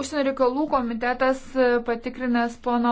Užsienio reikalų komitetas e, patikrinęs pono